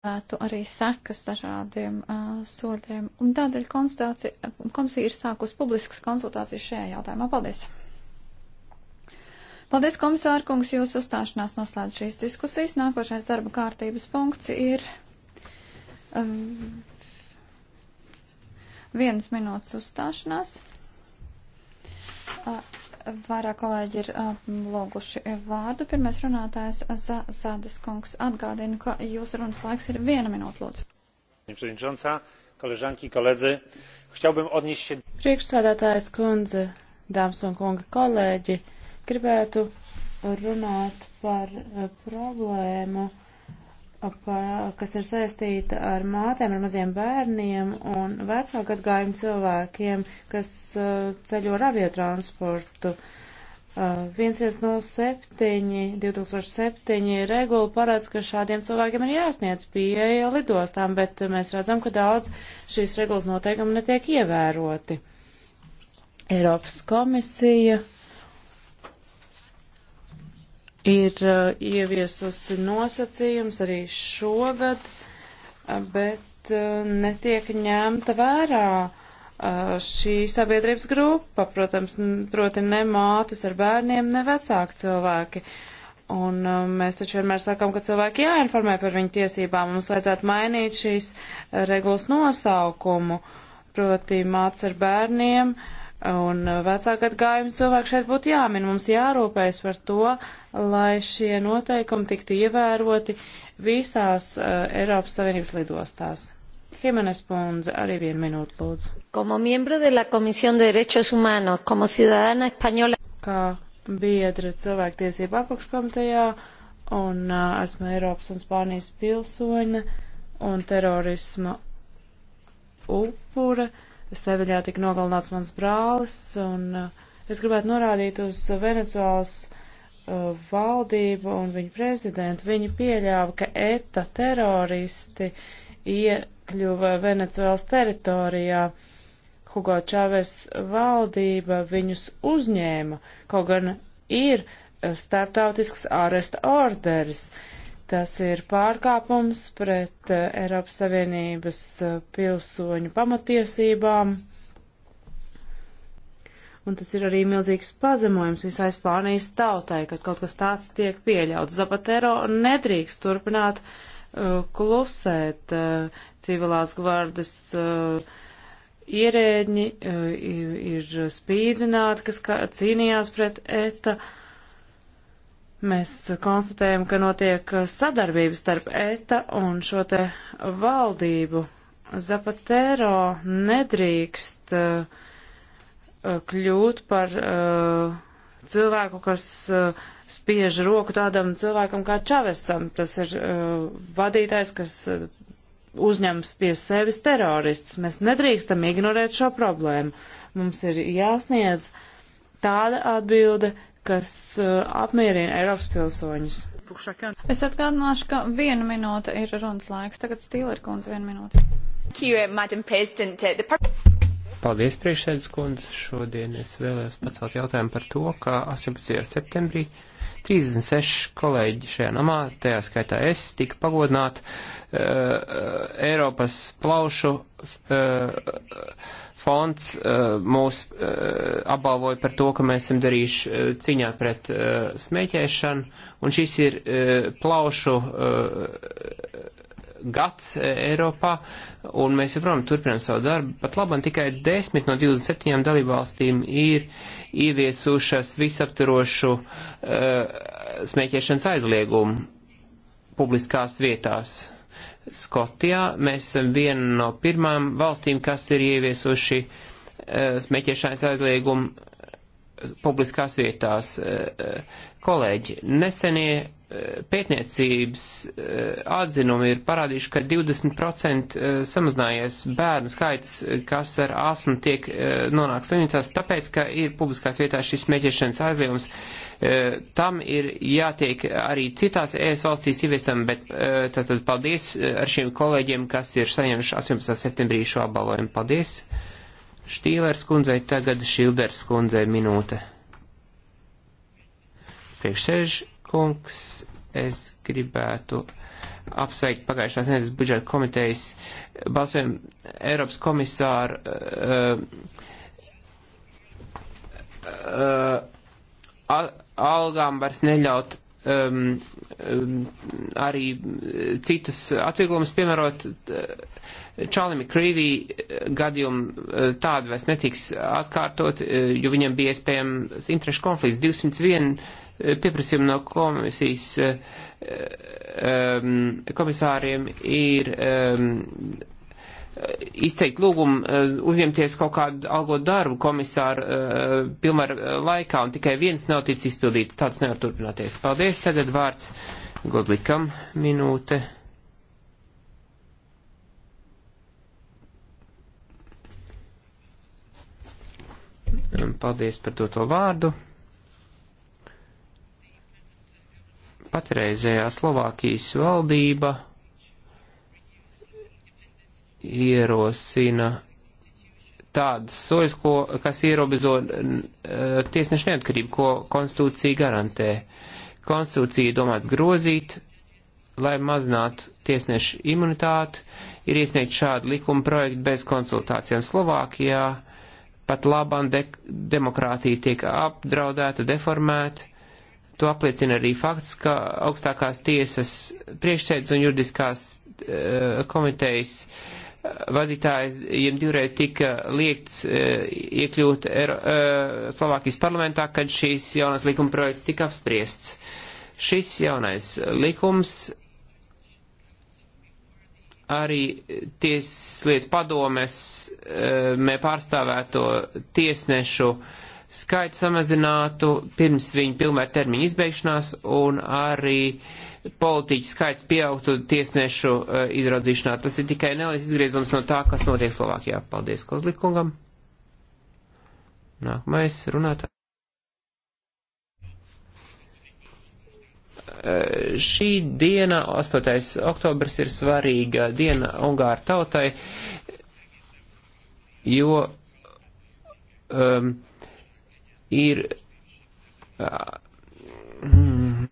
varētu arī sekas dažādiem uh, soļiem. Un tādēļ komisija ir sākus publiskas konsultācijas šajā jautājumā. Paldies! Paldies, komisāra kungs, jūsu uzstāšanās noslēdz šīs diskusijas. Nākošais darba kārtības punkts ir um, vienas minūtes uzstāšanās. Uh, Vairāk kolēģi ir lūguši vārdu. Pirmais runātājs Zādas kungs atgādina, ka jūsu runas laiks ir viena minūte, lūdzu. Priekšsēdētājs kundze, dāmas un kungi kolēģi, gribētu runāt par problēmu kas ir saistīta ar mātēm, ar maziem bērniem un vecāku atgājumu cilvēkiem, kas uh, ceļo ar aviotransportu. 1107 uh, 2007 regula parāds, ka šādiem cilvēkiem ir jāsniedz pieeja lidostām, bet mēs redzam, ka daudz šīs regulas noteikumi netiek ievēroti. Eiropas komisija ir uh, ieviesusi nosacījums arī šogad, uh, bet uh, netiek ņemta vērā šī sabiedrības grupa, protams, proti ne mātes ar bērniem, ne vecāki cilvēki. Un mēs taču vienmēr sakām, ka cilvēki jāinformē par viņu tiesībām, mums vajadzētu mainīt šīs regulas nosaukumu, proti mātes ar bērniem, uh, Un uh, vecāka atgājuma cilvēki šeit būtu jāmin. Mums jārūpējas par to, lai šie noteikumi tiktu ievēroti visās uh, Eiropas Savienības lidostās. Jimenez Ponze, arī vienu minūtu lūdzu. Como miembro de la Comisión de Derechos Humanos, como ciudadana española. Kā biedra cilvēktiesību apakškomitejā un uh, esmu Eiropas un Spānijas pilsoņa un terorisma upura. Uh, Seviļā tika nogalināts mans brālis, un uh, es gribētu norādīt uz Venecuālas uh, valdību un viņu prezidentu. Viņi pieļāva, ka ETA teroristi iekļuva Venecuēlas teritorijā. Hugo Čāves valdība viņus uzņēma, kaut gan ir uh, starptautisks āresta orders. Uh, Tas ir pārkāpums pret eh, Eiropas Savienības eh, pilsoņu pamatiesībām. Un tas ir arī milzīgs pazemojums visai Spānijas tautai, kad kaut kas tāds tiek pieļauts. Zapatero nedrīkst turpināt uh, klusēt uh, civilās gvardas. Uh, ierēģi ir spīdzināti, kas cīnījās pret ETA, Mēs konstatējam, ka notiek sadarbība starp ETA un šo te valdību. Zapatero nedrīkst uh, kļūt par uh, cilvēku, kas uh, spiež roku tādam cilvēkam kā Čavesam. Tas ir uh, vadītājs, kas uh, uzņems pie sevis teroristus. Mēs nedrīkstam ignorēt šo problēmu. Mums ir jāsniedz tāda atbilde, kas uh, apmierina Eiropas pilsoņus. Es atgādināšu, ka viena minūte ir runas laiks. Tagad Stīler kundze viena minūte. Paldies, priekšsēdus kundze. Šodien es vēlējos pacelt jautājumu par to, ka 18. septembrī 36 kolēģi šajā namā, tajā skaitā es, tika pagodināti uh, Eiropas plaušu uh, fonds uh, mūs uh, apbalvoja par to, ka mēs esam darījuši uh, ciņā pret uh, smēķēšanu, un šis ir uh, plaušu uh, gads e, Eiropā, un mēs joprojām turpinām savu darbu. Pat labam tikai 10 no 27 dalībvalstīm ir ieviesušas visaptarošu uh, e, smēķēšanas aizliegumu publiskās vietās. Skotijā mēs esam viena no pirmām valstīm, kas ir ieviesuši uh, smēķēšanas aizliegumu publiskās vietās. Uh, kolēģi, nesenie pētniecības eh, atzinumi ir parādījuši, ka 20% eh, samazinājies bērnu skaits, kas ar asmu tiek eh, nonāk slimnīcās, tāpēc, ka ir publiskās vietās šis smēķēšanas aizliegums. Tam ir jātiek arī citās ES valstīs ieviestam, bet tātad paldies ar šiem kolēģiem, kas ir saņemši 18. septembrī šo apbalvojumu. Paldies! Štīlers kundzei, tagad Šilders kundzei minūte. Priekšsēž kungs, es gribētu apsveikt pagājušās nedēļas budžeta komitejas balsojumu Eiropas komisāru uh, eh, uh, eh, eh, al algām vairs neļaut um, um, arī citas atvieglojumus piemērot. Uh, Čalim Krīvī gadījumu tādu vairs netiks atkārtot, uh, jo viņam bija iespējams interešu konflikts 201 pieprasījumi no komisijas e, e, um, komisāriem ir um, izteikt lūgumu e, uzņemties kaut kādu algot darbu komisāru uh, pilnvaru laikā, un tikai viens nav ticis izpildīts. Tāds nevar turpināties. Paldies. Tagad vārds Gozlikam minūte. Paldies par to, to vārdu. patreizējā Slovākijas valdība ierosina tādas sojas, ko, kas ierobežo e, tiesnešu neatkarību, ko konstitūcija garantē. Konstitūcija domāts grozīt, lai mazinātu tiesnešu imunitāti, ir iesniegt šādu likuma projektu bez konsultācijām Slovākijā, pat labam de demokrātija tiek apdraudēta, deformēta, To apliecina arī fakts, ka augstākās tiesas priekšsēdus un juridiskās uh, komitejas eh, vadītājs, jiem divreiz tika liekts uh, iekļūt er, uh, Slovākijas parlamentā, kad šīs jaunās likuma projekts tika apspriests. Šis jaunais likums arī tieslietu padomes mē pārstāvēto tiesnešu uh, skaitu samazinātu pirms viņa pilnvērt termiņa izbeigšanās un arī politiķu skaits pieaugtu tiesnešu uh, izraudzīšanā. Tas ir tikai neliels izgriezums no tā, kas notiek Slovākijā. Paldies Kozlikungam. Nākamais runātājs. Eh, šī diena, 8. oktobrs, ir svarīga diena Ungāru tautai, jo um, ir. Mm,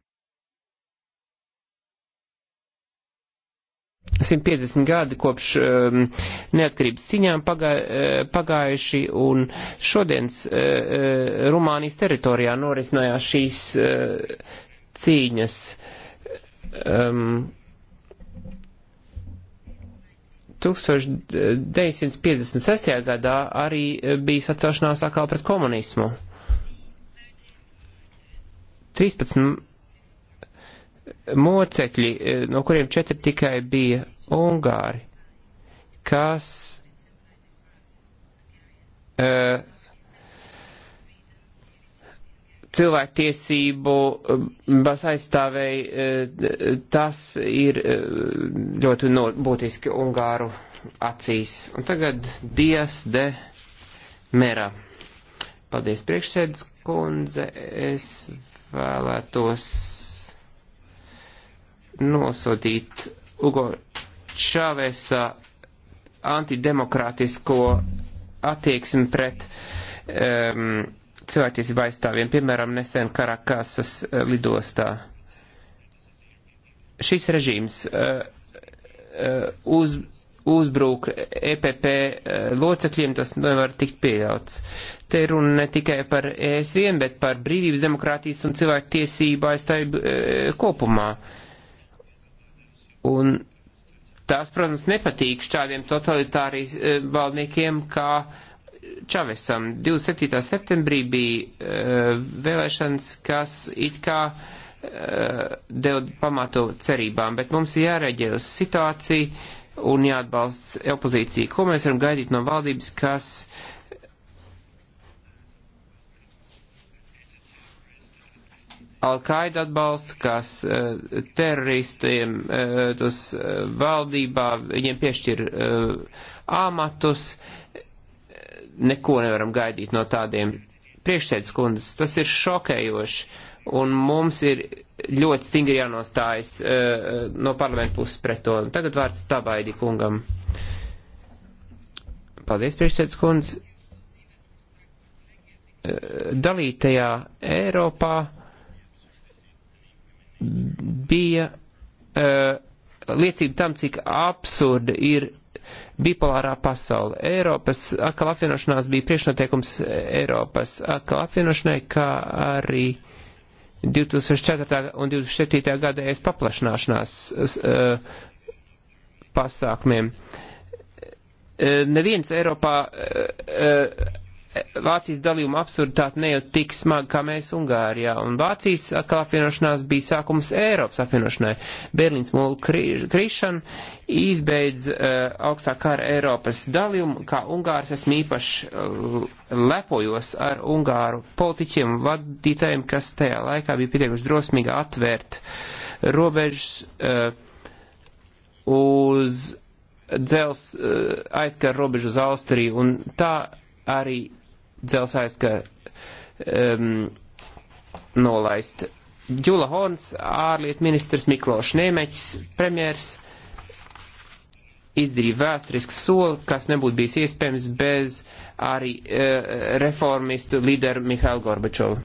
150 gadi kopš um, neatkarības ciņām pagā, pagājuši, un šodienas uh, Rumānijas teritorijā norisinājās šīs uh, cīņas. Um, 1956. gadā arī bijis atcelšanās atkal pret komunismu. 13 mocekļi, e, no kuriem 4 tikai bija Ungāri, kas uh, cilvēktiesību bas aizstāvēja, uh, tas ir uh, ļoti no, būtiski Ungāru acīs. Un tagad Dias de Mera. Paldies priekšsēdus kundze, es vēlētos nosodīt Ugo Čāvēsa antidemokrātisko attieksmi pret um, cilvēktiesību aizstāvjiem, piemēram, nesen Karakasas uh, lidostā. Šis režīms uh, uh, uz uzbrūk EPP eh, locekļiem, tas nevar tikt pieļauts. Te runa ne tikai par ES1, bet par brīvības, demokrātijas un cilvēku tiesību aizstāvību e, eh, kopumā. Un tās, protams, nepatīk šādiem totalitārijas e, eh, valdniekiem, kā Čavesam. 27. septembrī bija e, vēlēšanas, kas it kā deva pamatu cerībām, bet mums ir jāreģē uz situāciju un jāatbalsts opozīcija. Ko mēs varam gaidīt no valdības, kas Al-Qaida atbalsta, kas uh, teroristiem, uh, eh, tas uh, eh, valdībā, viņiem piešķir uh, amatus, neko nevaram gaidīt no tādiem priekšsēdus kundas. Tas ir šokējoši. Uh, un mums ir ļoti stingri jānostājas uh, no parlamenta puses pret to. Un tagad vārds Tabaidi kungam. Paldies, priekšsēdus kundz. Uh, eh, dalītajā Eiropā bija uh, liecība tam, cik absurda ir bipolārā pasaule. Eiropas atkal apvienošanās bija priekšnoteikums Eiropas atkal apvienošanai, kā arī uh, 2004. un 2007. gada es paplašināšanās uh, pasākumiem. Uh, neviens Eiropā uh, uh, Vācijas dalījuma absurditāte ne jau tik smaga kā mēs Ungārijā, un Vācijas atkal apvienošanās bija sākums Eiropas apvienošanai. Berlīns mūlu krišana izbeidz uh, augstā kara Eiropas dalījumu, kā Ungārs esmu īpaši uh, lepojos ar Ungāru politiķiem, vadītājiem, kas tajā laikā bija pietiekuši drosmīgi atvērt robežas uh, uz dzels uh, aizkar robežu uz Austriju, un tā arī dzelzājas, ka um, nolaist. Ģula Horns, ārlietu ministrs Miklošs Nēmeķis, premjers, izdarīja vēsturisku soli, kas nebūtu bijis iespējams bez arī uh, reformistu līderu Mihailu Gorbačovu.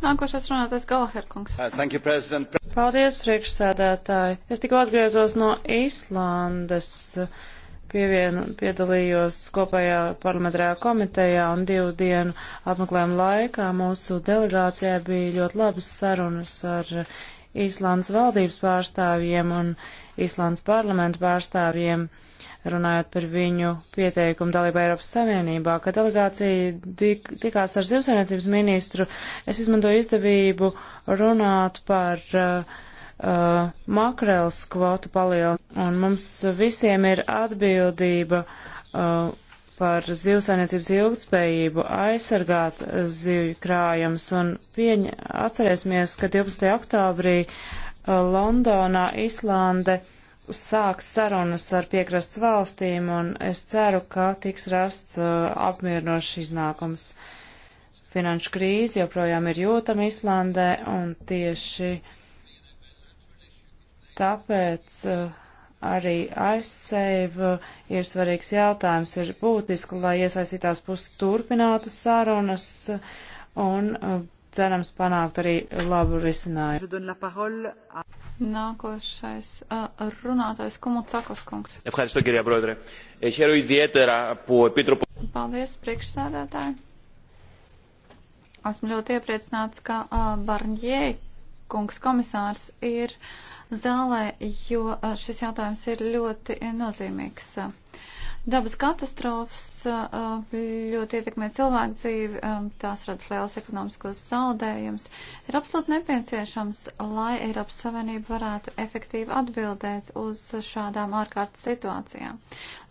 Nākošais runātais Galaherkungs. Uh, you, Paldies, priekšsēdētāji. Es tikko atgriezos no Īslandes. Uh, pievienu, piedalījos kopējā parlamentārajā komitejā un divu dienu apmeklējumu laikā mūsu delegācijā bija ļoti labas sarunas ar Īslandes valdības pārstāvjiem un Īslandes parlamentu pārstāvjiem, runājot par viņu pieteikumu dalību Eiropas Savienībā. Kad delegācija tikās ar zivsainiecības ministru, es izmantoju izdevību runāt par uh, uh, makrels kvotu palielināšanu, un mums visiem ir atbildība uh, par zivsainiecības ilgtspējību, aizsargāt zivju krājums, un pieņa, atcerēsimies, ka 12. oktobrī uh, Londonā Islande sāks sarunas ar piekrasts valstīm, un es ceru, ka tiks rasts uh, apmierinošs iznākums. Finanšu krīze joprojām ir jūtama Islandē, un tieši uh, Tāpēc eh, arī aizseiva eh, ir svarīgs jautājums, ir būtiski, lai iesaistītās puses turpinātu sarunas eh, un cerams panākt arī labu risinājumu. Nākošais runātājs Kumucakos kungs. Paldies, priekšsēdētāji. Esmu ļoti iepriecināts, ka Barņē kungs komisārs ir zālē, jo šis jautājums ir ļoti nozīmīgs. Dabas katastrofas ļoti ietekmē cilvēku dzīvi, tās rada liels ekonomiskos zaudējums. Ir absolūti nepieciešams, lai Eiropas Savienība varētu efektīvi atbildēt uz šādām ārkārtas situācijām.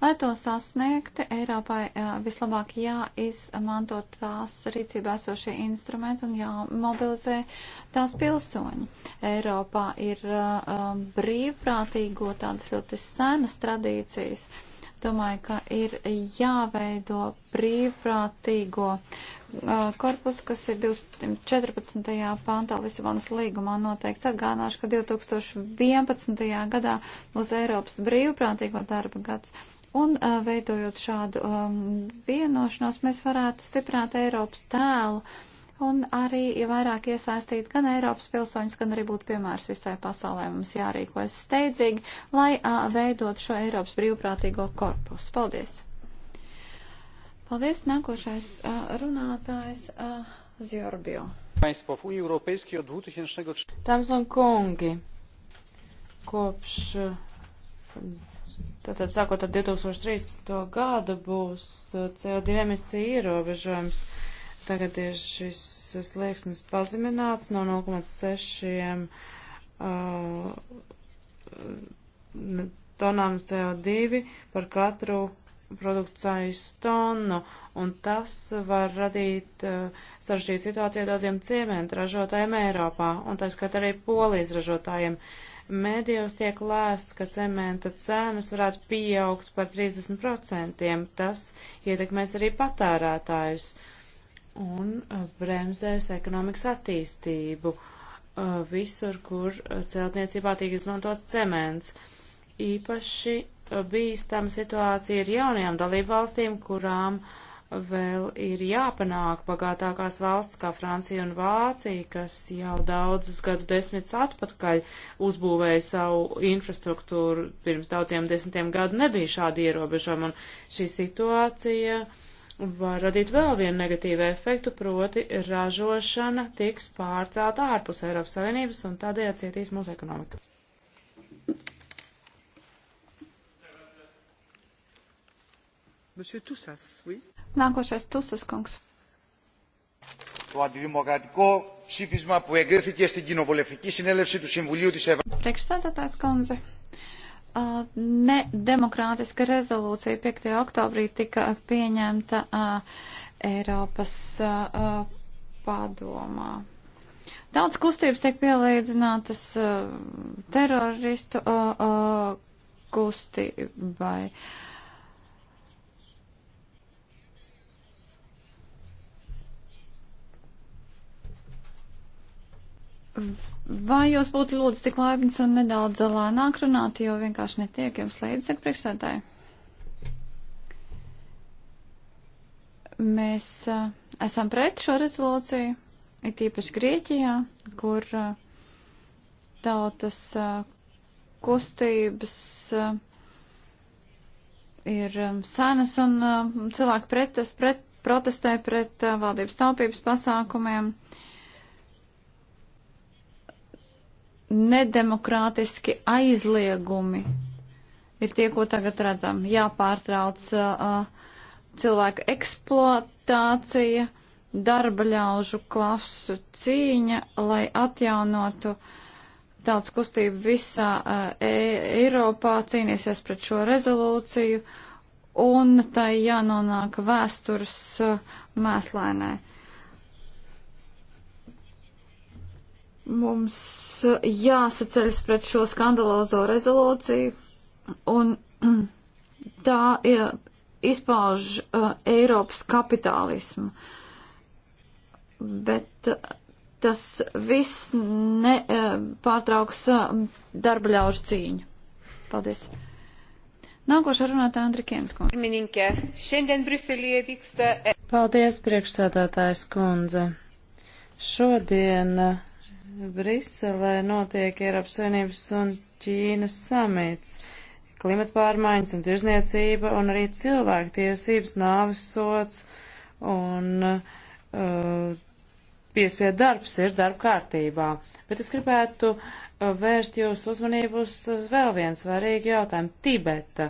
Lai to sasniegti, Eiropai vislabāk jāizmanto tās rīcībā esošie instrumenti un jāmobilizē tās pilsoņi. Eiropā ir brīvprātīgo tādas ļoti senas tradīcijas. Uh, Domāju, ka ir jāveido brīvprātīgo uh, korpus, kas ir 214. pantā Lisabonas līgumā noteikts. Atgādināšu, ka 2011. gadā būs Eiropas brīvprātīgo darba gads. Un uh, veidojot šādu um, vienošanos, mēs varētu stiprināt Eiropas tēlu uh, un arī vairāk iesaistīt gan Eiropas pilsoņus, gan arī būt piemērs visai pasaulē. Mums jārīkojas steidzīgi, lai uh, veidot šo Eiropas brīvprātīgo korpusu. Paldies! Paldies! Nākošais uh, runātājs uh, Zjorbio. Dāmas un kungi, kopš, tātad sākot ar 2013. gadu, būs CO2 emisija ierobežojums. Uh, Tagad ir šis slieksnis pazemināts no 0,6 uh, tonām CO2 par katru produkcijas tonu, un tas var radīt uh, sarežģītu situāciju daudziem ciementu ražotājiem Eiropā, un tā skat arī polijas ražotājiem. Mēdījos tiek lēsts, ka cementa cenas varētu pieaugt par 30%. Tas ietekmēs arī patērētājus. Uh, un uh, bremzēs ekonomikas attīstību uh, visur, kur uh, celtniecībā tiek izmantots cements. Īpaši bīstama situācija ir jaunajām dalībvalstīm, kurām vēl ir jāpanāk bagātākās valsts kā Francija un Vācija, kas jau daudzus gadu desmitus atpakaļ uzbūvēja savu infrastruktūru. Pirms daudziem desmitiem gadu nebija šādi ierobežojumi, un šī situācija uh, var radīt vēl vienu negatīvu efektu, proti ražošana tiks pārcelt ārpus Eiropas Savienības un tādējā cietīs mūsu ekonomika. Tusas, oui? Nākošais Tusas kungs. Το αντιδημοκρατικό ψήφισμα που εγκρίθηκε στην κοινοβουλευτική συνέλευση του Συμβουλίου της Ευρώπης. Uh, nedemokrātiska rezolūcija 5. oktobrī tika pieņemta uh, Eiropas uh, padomā. Daudz kustības tiek pielīdzinātas uh, teroristu uh, uh, kustībai. Mm Vai jūs būtu lūdzu tik laipns un nedaudz lēnāk runāt, jo vienkārši netiek jums līdzi priekšsēdētāji? Mēs uh, esam pret šo rezolūciju, it īpaši Grieķijā, kur uh, tautas uh, kustības uh, ir um, senas un uh, cilvēki pretas, pret, protestē pret uh, valdības taupības pasākumiem. Uh, nedemokrātiski aizliegumi ir tie, ko tagad redzam. Jāpārtrauc uh, uh, cilvēka eksploatācija, darba ļaužu klasu cīņa, lai atjaunotu tautas kustību visā uh, e Eiropā, cīnīsies pret šo rezolūciju, un tai jānonāk vēstures uh, mēslēnē. Uh, Mums uh, jāsaceļas pret šo skandalozo rezolūciju, un tā izpauž uh, Eiropas kapitālismu. Bet uh, tas viss nepārtrauks uh, uh, darba ļaužu cīņu. Paldies. Nākošā runātā Andri Kiensko. Pirmininkē, šodien Briselīje vyksta. Paldies, priekšsēdētājs kundze. Šodien uh, Briselē notiek Eiropas Savienības un Ķīnas samits. Klimata pārmaiņas un tirzniecība un arī cilvēktiesības nāvis sots un uh, piespiedu darbs ir darba kārtībā. Bet es gribētu uh, vērst jūsu uzmanību uz, uz vēl vienu svarīgu jautājumu - Tibeta.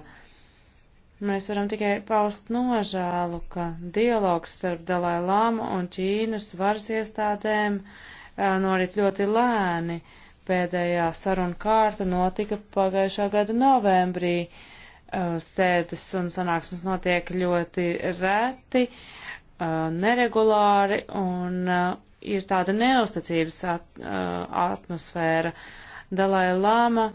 Mēs varam tikai paust nožēlu, ka dialogs starp Dalai Lama un Ķīnas varas iestādēm uh, norit ļoti lēni. Pēdējā saruna kārta notika pagājušā gada novembrī. Sēdes un sanāksmes notiek ļoti reti, neregulāri un ir tāda neusticības at, atmosfēra. Dalai Lama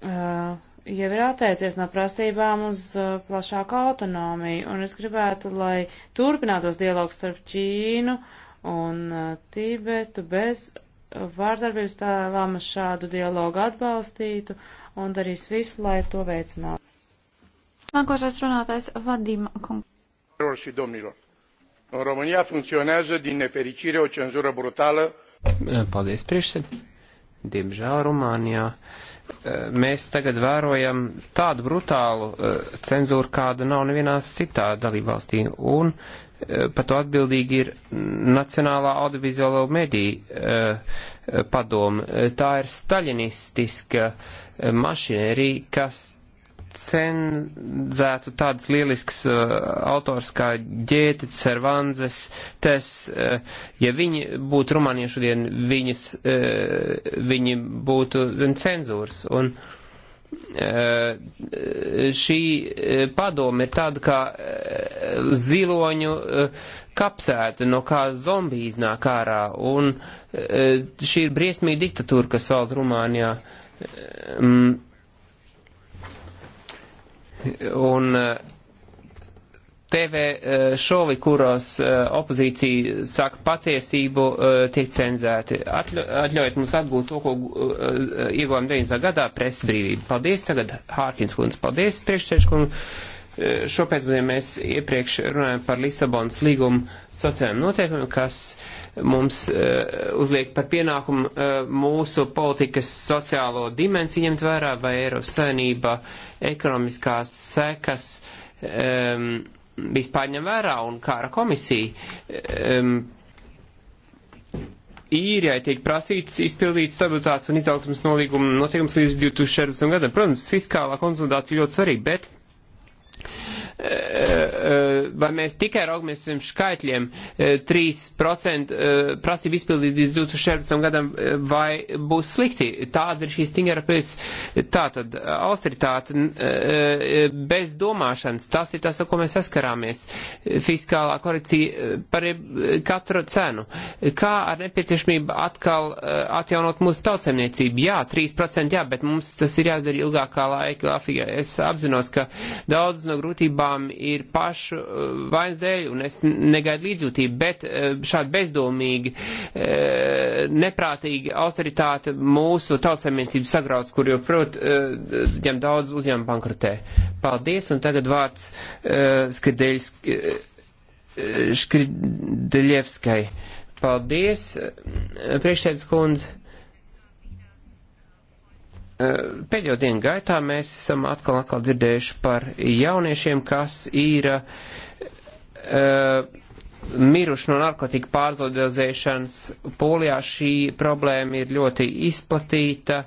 jau ir atteicies no prasībām uz plašāku autonomiju, un es gribētu, lai turpinātos dialogs starp Ķīnu un uh, Tībetu bez vārdarbības tā lama šādu dialogu atbalstītu un darīs visu, lai to veicinātu. Nākošais runātais Vadim Kung. În România funcționează, din nefericire, o cenzură brutală. Paldies, priekšsēd. Diemžēl Rumānijā eh, mēs tagad vērojam tādu brutālu eh, cenzūru, kāda nav nevienās citā dalībvalstī. Un uh, Eh, par to atbildīgi ir Nacionālā audiovizuālo mediju eh, padoma. Eh, tā ir staļinistiska mašinērija, kas cenzētu tādas lielisks uh, autors kā Ģēte, Cervanzes, Tes, uh, ja viņi būtu rumāniešu dien, viņas, uh, viņi būtu zem cenzūras. Un, uh, Eh, šī eh, padoma ir tāda kā eh, ziloņu kapsēta, no kā zombija iznāk ārā, un šī ir briesmīga diktatūra, kas valda Rumānijā. Mm. Un, uh, TV eh, šovi, kuros eh, opozīcija saka patiesību, eh, tiek cenzēti. Atļo, atļaujiet mums atgūt to, ko ieguvām 90. gadā presas brīvību. Paldies tagad, Hārkins kundze, paldies priekšsēškundze. Šopēcpēdien mēs iepriekš runājam par Lisabonas līgumu sociālajiem noteikumiem, kas mums uzliek par pienākumu mūsu politikas sociālo dimensiju ņemt vērā vai Eiropas saimnība ekonomiskās sekas. Um, vispār ņem vērā un kāra komisija. Um, īrijai tiek prasīts izpildīt stabilitātes un izaugsmas nolīguma noteikums līdz 2014. gadam. Protams, fiskālā konsolidācija ļoti svarīga, bet vai mēs tikai raugamies uz skaitļiem, 3% e, e, prasību izpildīt līdz 2016. gadam, e, vai būs slikti. Tāda ir šī stingra pēc, tātad austeritāte bez domāšanas, tas ir tas, ar ko mēs saskarāmies. Fiskālā korekcija par katru cenu. Kā ar nepieciešamību atkal atjaunot mūsu tautsemniecību? Jā, 3% jā, bet mums tas ir jāizdara ilgākā laika grafikā. Es apzinos, ka daudz no grūtībām grupām ir pašu eh, vainas dēļ, un es negaidu līdzjūtību, bet eh, šādi bezdomīgi, eh, neprātīgi austeritāte mūsu tautsēmniecību sagrauc, kur joprot ņem daudz uzņēmumu bankrutē. Paldies, un tagad vārds Skridēļs. Škrideļevskai. Paldies, priekšsēdus kundze. Eh, pēdējo dienu gaitā mēs esam atkal, atkal dzirdējuši par jauniešiem, kas ir uh, miruši no narkotika pārzodozēšanas. Polijā šī problēma ir ļoti izplatīta.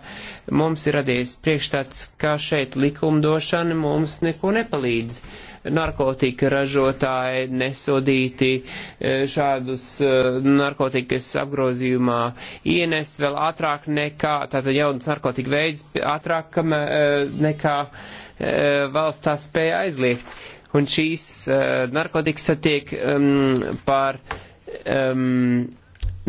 Mums ir radies priekšstats, ka šeit likumdošana mums neko nepalīdz. Uh, narkotika ražotāji nesodīti e, šādus e, narkotikas apgrozījumā ienes vēl ātrāk nekā, tātad jaunas narkotika veids ātrāk e, nekā valsts tā spēja aizliegt. Un šīs narkotikas tiek um, par um,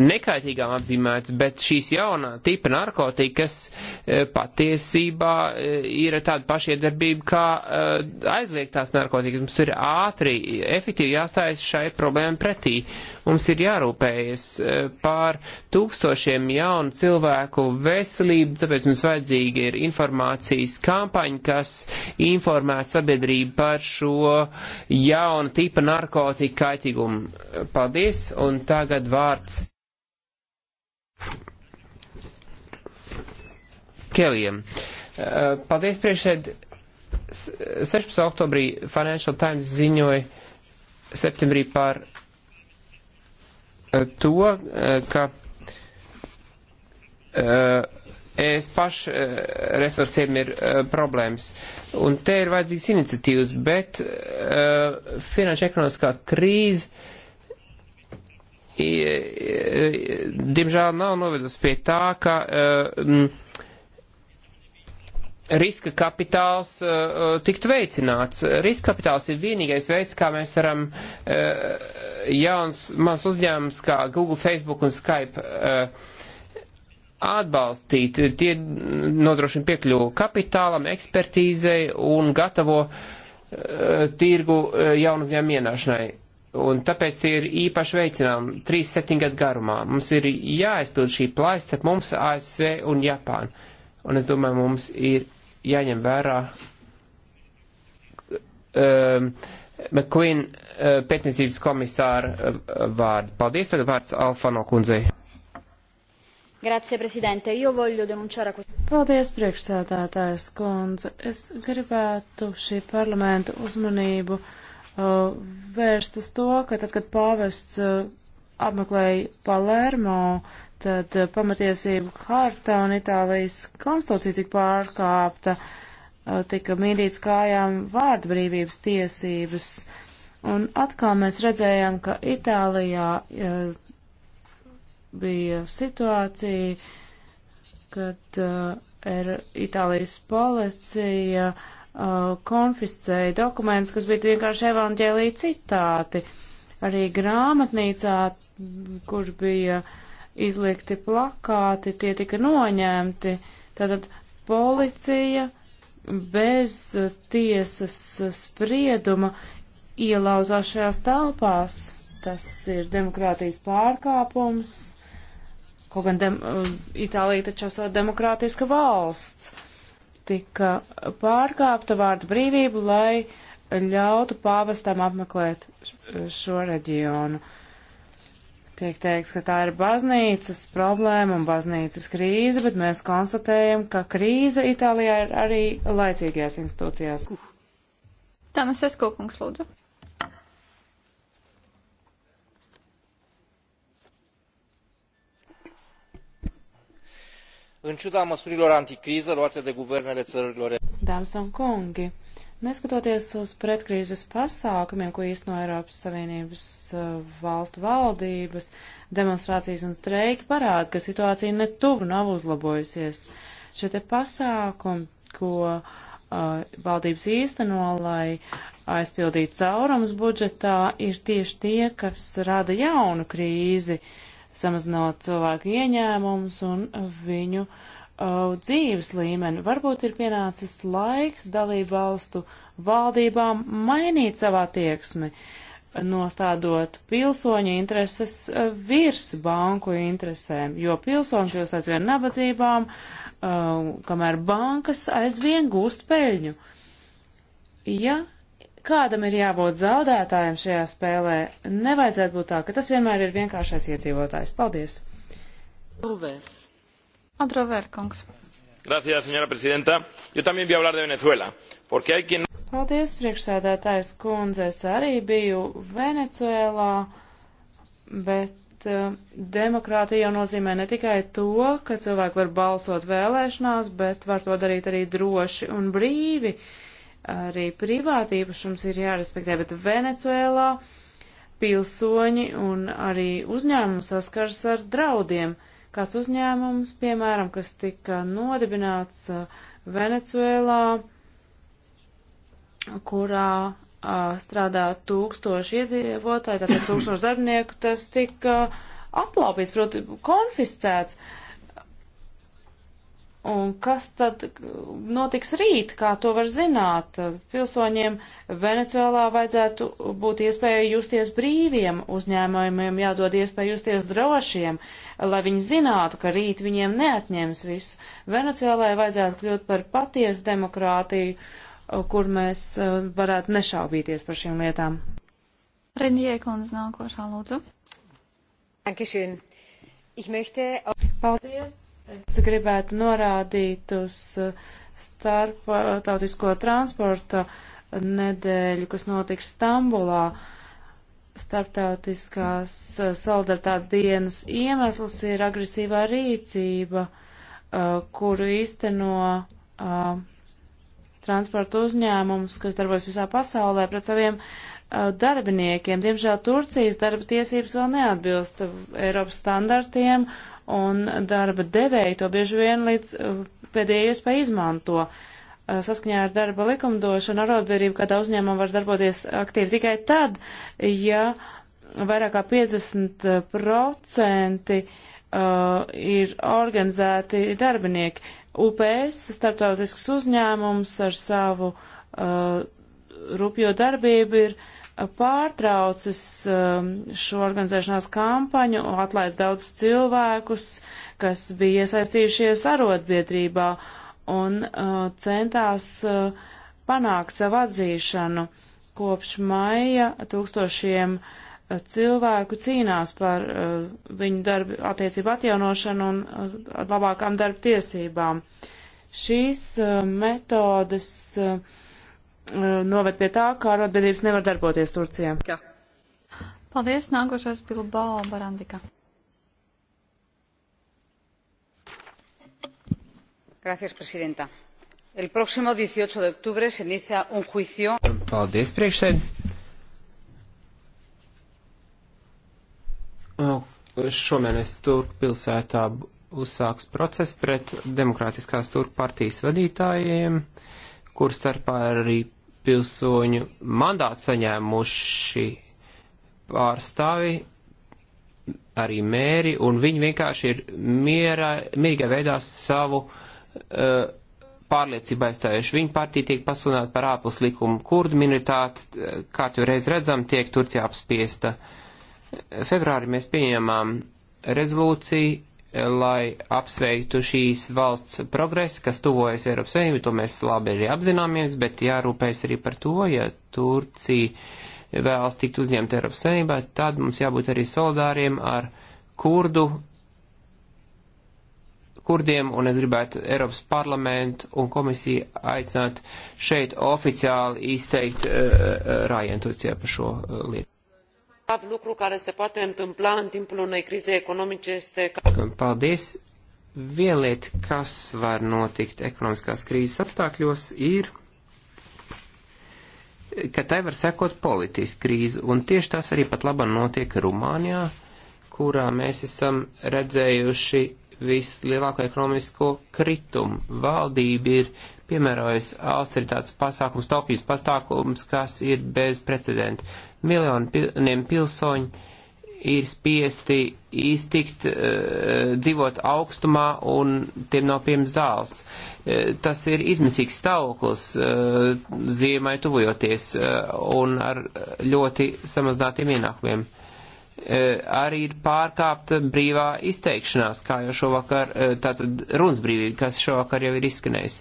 nekaitīgām apzīmētas, bet šīs jaunā tipa narkotikas e, patiesībā e, ir tāda pašiedarbība kā e, aizliegtās narkotikas. Mums ir ātri, efektīvi jāstājas šai problēmai pretī. Uh, Mums ir jārūpējas eh, pār tūkstošiem jaunu cilvēku veselību, tāpēc mums vajadzīga ir informācijas kampaņa, kas informētu sabiedrību par šo jaunu tipa narkotiku kaitīgumu. Paldies, un tagad vārds. Kelijam. Eh, paldies priekšēd. 16. oktobrī Financial Times ziņoja septembrī par to, eh, ka eh, es paši eh, resursiem ir problēmas. Un te ir vajadzīgs iniciatīvas, bet finanšu ekonomiskā krīze diemžēl nav novedusi pie tā, ka uh, riska kapitāls uh, tiktu veicināts. Riska kapitāls ir vienīgais veids, kā mēs varam uh, jauns mans uzņēmums kā Google, Facebook un Skype uh, atbalstīt. Tie nodrošina piekļuvu kapitālam, ekspertīzei un gatavo uh, tirgu uh, jaunu uzņēmumu ienāšanai. Un tāpēc ir īpaši veicinām 3-7 gadu garumā. Mums ir jāaizpild šī plaisa starp mums, ASV un Japānu Un es domāju, mums ir jāņem vērā um, McQueen uh, pētniecības komisāra uh, vārdu. Paldies, tagad vārds Alfano kundzei. Grazie, prezidente. Io voglio denunciare questo. Paldies, priekšsēdētājs kundze. Es gribētu šī parlamenta uzmanību uh, vērst uz to, ka tad, kad pāvests uh, apmeklēja Palermo, tad eh, pamatiesību harta un Itālijas konstitūcija tika pārkāpta, eh, tika mīdīts kājām vārdbrīvības tiesības. Un atkal mēs redzējām, ka Itālijā eh, bija situācija, kad ir er, Itālijas policija konfiscēja dokumentus, kas bija vienkārši evanģēlī citāti. Arī grāmatnīcā, kur bija uh, izliekti plakāti, tie tika noņemti. Tātad policija bez tiesas sprieduma ielauzās šajās telpās. Tas ir demokrātijas pārkāpums. Kaut gan dem, Itālija taču ir demokrātiska valsts. Tika pārkāpta vārda brīvība, lai ļautu pāvestam apmeklēt šo reģionu. Uh, Tiek teikt, ka tā ir baznīcas problēma un baznīcas krīze, bet mēs konstatējam, ka krīze Itālijā ir arī laicīgajās institūcijās. Tāmas Eskokungs, lūdzu. În ciuda măsurilor anticriză luate de guvernele țărilor dāmas un kungi! Neskatoties uz pretkrīzes pasākumiem, ko īsteno Eiropas Savienības eh, valstu valdības, demonstrācijas un streiki parāda, ka situācija netuvu nav uzlabojusies. Šie te pasākumi, ko uh, valdības īsteno, lai aizpildītu caurums budžetā, ir tieši tie, kas rada jaunu krīzi, samazinot cilvēku ieņēmumus un viņu uh, uh, dzīves līmeni. Varbūt ir pienācis laiks dalību valstu valdībām mainīt savā tieksmi, nostādot pilsoņu intereses uh, virs banku interesēm, jo pilsoņi kļūst aizvien nabadzībām, uh, kamēr bankas aizvien gūst peļņu. Ja kādam ir jābūt zaudētājiem šajā spēlē, nevajadzētu būt tā, ka tas vienmēr ir vienkāršais iedzīvotājs. Paldies! Uver. Adraverkungs. Gracias, señora presidenta. Yo también voy a hablar de Venezuela, porque hay quien... Paldies, priekšsēdētājs kundze. Es arī biju Venecuēlā, bet uh, demokrātija jau nozīmē ne tikai to, ka cilvēki var balsot vēlēšanās, bet var to darīt arī droši un brīvi. Arī privātīpašums ir jārespektē, bet Venecuēlā pilsoņi un arī uzņēmumi saskars ar draudiem. Uh, Kāds uzņēmums, piemēram, kas tika nodibināts uh, Venecuēlā, kurā uh, strādā tūkstoši iedzīvotāji, tātad tūkstoši darbinieku, tas tika aplaupīts, proti, konfiscēts. Uh, Un kas tad notiks rīt, kā to var zināt? Pilsoņiem Venecijolā vajadzētu būt iespēja justies brīviem, uzņēmējumiem jādod iespēja justies drošiem, lai viņi zinātu, ka rīt viņiem neatņems visu. Venecijolai vajadzētu kļūt par patiesu demokrātiju, kur mēs eh, varētu nešaubīties par šīm lietām. Renijai Kundze nākošā lūdzu. Dankeschön. Ich möchte auch... Paldies. Es gribētu norādīt uz uh, starptautisko transporta nedēļu, kas notiks Stambulā. Starptautiskās uh, solidaritātes dienas iemesls ir agresīvā rīcība, uh, kuru īsteno transporta uzņēmums, kas darbojas visā pasaulē pret saviem darbiniekiem. Diemžēl Turcijas darba tiesības vēl neatbilst Eiropas standartiem un darba devēji to bieži vien līdz uh, pēdējai iespēja izmanto. Uh, saskaņā ar darba likumdošanu arotbiedrība kādā uzņēmumā var darboties aktīvi tikai tad, ja vairāk kā 50% uh, ir organizēti darbinieki. UPS, starptautisks uzņēmums ar savu rūpjo darbību, ir uh, pārtraucis um, šo organizēšanās kampaņu, atlaidz daudz cilvēkus, kas bija iesaistījušies arotbiedrībā un uh, centās uh, panākt savu atzīšanu. Kopš maija tūkstošiem uh, cilvēku cīnās par viņu darbu attiecību atjaunošanu un labākām darba tiesībām. Šīs metodas uh, Eh, noved pie tā, ka arotbiedrības nevar darboties Turcijā. Jā. Paldies, nākošais Bilbao Barandika. Gracias, presidenta. El próximo 18 de octubre se inicia un juicio. Paldies, priekšsēd. Šomēnes Turku pilsētā uzsāks process pret demokrātiskās Turku partijas vadītājiem. Uh, kur starpā arī pilsoņu mandātu saņēmuši pārstāvi, arī mēri, un viņi vienkārši ir mierā, mierīgā veidā savu uh, pārliecību aizstājuši. Viņa partija tiek pasludināta par ārpus likumu. Kurdu minoritāte, eh, kā jau reiz redzam, tiek Turcijā apspiesta. Februārī mēs pieņēmām rezolūciju lai apsveiktu šīs valsts progresu, kas tuvojas Eiropas Savienībai, to mēs labi arī apzināmies, bet jārūpējas arī par to, ja Turcija vēlas tikt uzņemta Eiropas Savienībā, tad mums jābūt arī solidāriem ar kurdu, kurdiem, un es gribētu Eiropas parlamentu un komisiju aicināt šeit oficiāli izteikt uh, eh, eh, Rājien Turcijā par šo uh, lietu lucru care se poate întâmpla în timpul unei crize economice este ca... Paldies! Viena lieta, kas var notikt ekonomiskās krīzes apstākļos, ir, ka tai var sekot politiska krīze, un tieši tas arī pat labam notiek Rumānijā, kurā mēs esam redzējuši vislielāko ekonomisko kritumu. Valdība ir piemērojusi austeritātes pasākums, taupības pasākums, kas ir bez precedenta miljoniem pilsoņu ir spiesti iztikt, uh, dzīvot augstumā un tiem nav pieejams zāles. Uh, tas ir izmisīgs stāvoklis uh, ziemai tuvojoties uh, un ar ļoti samazinātiem ienākumiem. Uh, arī ir pārkāpta brīvā izteikšanās, kā jau šovakar, uh, tātad runas brīvība, kas šovakar jau ir izskanējis.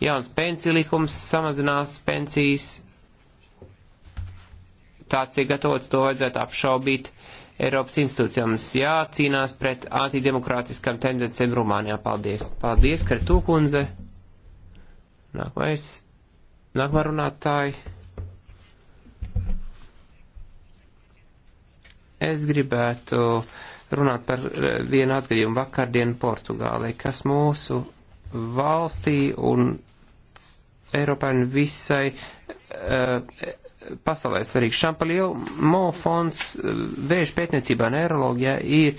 Jauns pensiju likums samazinās pensijas tāds tiek gatavots, to vajadzētu apšaubīt Eiropas institūcijams. Jā, cīnās pret antidemokrātiskām tendencēm Rumānijā. Paldies. Paldies, Kretu kundze. Nākamais. Nākamā runātāja. Es gribētu runāt par eh, vienu atgadījumu vakardienu Portugālei, kas mūsu valstī un Eiropā un visai uh, pasaulē svarīgs. Šampaljumo fonds eh, vēža pētniecībā neiroloģijā ir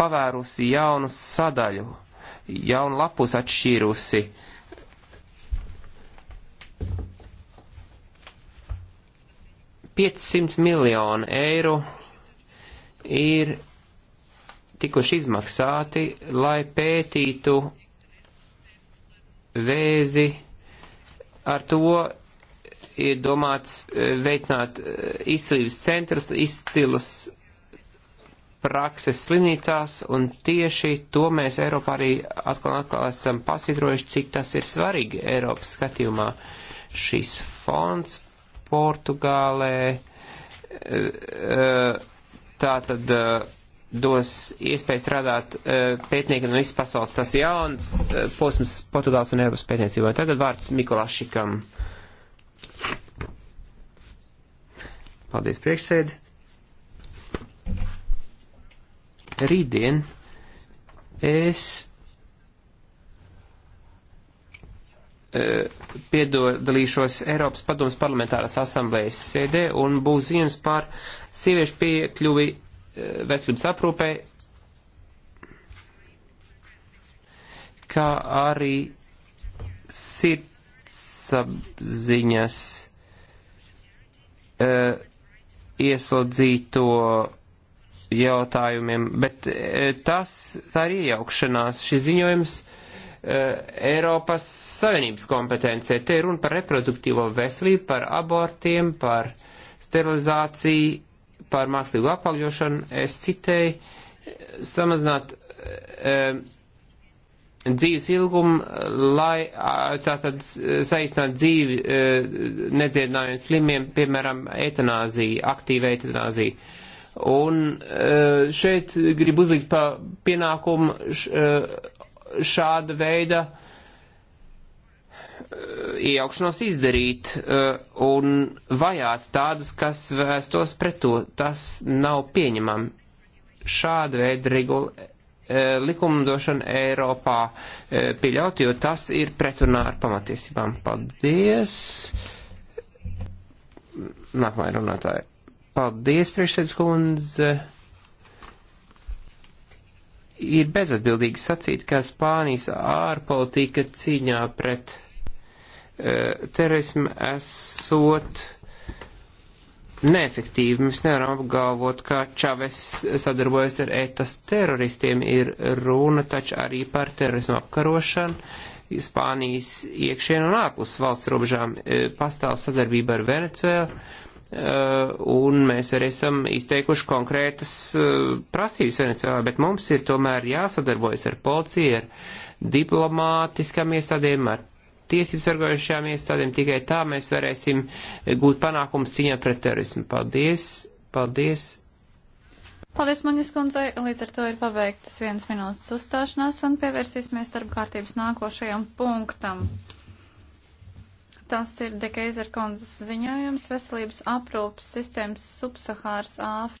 pavērusi jaunu sadaļu, jaunu lapus atšķīrusi. Piecsimt miljonu eiro ir tikuši izmaksāti, lai pētītu vēzi ar to ir domāts e, veicināt e, izcīlības centrus, izcīlas prakses slimnīcās, un tieši to mēs Eiropā arī atkal un atkal esam pasvidrojuši, cik tas ir svarīgi Eiropas skatījumā. Šis fonds Portugālē e, tā tad dos iespēju strādāt pētniekiem no visas pasaules. Tas jauns posms Portugāles un Eiropas pētniecībā. Tagad vārds Mikolašikam. Uh, Paldies priekšsēdi. Rītdien es eh, piedalīšos Eiropas Padomas parlamentārās asamblējas sēdē un būs ziņas par sieviešu piekļuvi eh, veselības aprūpē, kā arī sirt sirdsapziņas uh, eh, ieslodzīto jautājumiem, bet uh, tas, tā ir iejaukšanās, šis ziņojums uh, Eiropas Savienības kompetencija. Te ir runa par reproduktīvo veselību, par abortiem, par sterilizāciju, par mākslīgu apakļošanu. Es citēju, samazināt. Uh, dzīves ilgumu, lai tātad saīsinātu dzīvi e, nedziedinājumiem slimiem, piemēram, etanāzija, aktīva etanāzija. Un e, šeit grib uzlikt pa pienākumu e, šāda veida iejaukšanos izdarīt un vajāt tādus, kas vēstos pret to. Tas nav pieņemami. Šāda veida regula Eh, likumdošanu Eiropā eh, pieļaut, jo tas ir pretrunā ar pamatiesībām. Paldies! Nākamā runātāja. Paldies, priekšsēdus kundze! Ir bezatbildīgi sacīt, ka Spānijas ārpolitika cīņā pret uh, terorismu esot uh, neefektīvi. Mēs nevaram apgalvot, ka Čaves sadarbojas ar etas teroristiem. Ir runa taču arī par terorismu apkarošanu. Spānijas iekšienu un ārpus valsts robežām e, pastāv sadarbība ar Venecuēlu. E, un mēs arī esam izteikuši konkrētas e, prasības Venecijā, bet mums ir tomēr jāsadarbojas ar policiju, ar diplomātiskām iestādēm, ar tiesību sargojušajām iestādēm, tikai tā mēs varēsim gūt panākumus cīņā pret terorismu. Paldies! Paldies! Paldies, Maņas kundze. Līdz ar to ir paveiktas viens minūtes uzstāšanās un pievērsīsimies darba kārtības nākošajam punktam. Tas ir Dekeizer kundzes ziņojums veselības aprūpas sistēmas subsahāras Āfrikas.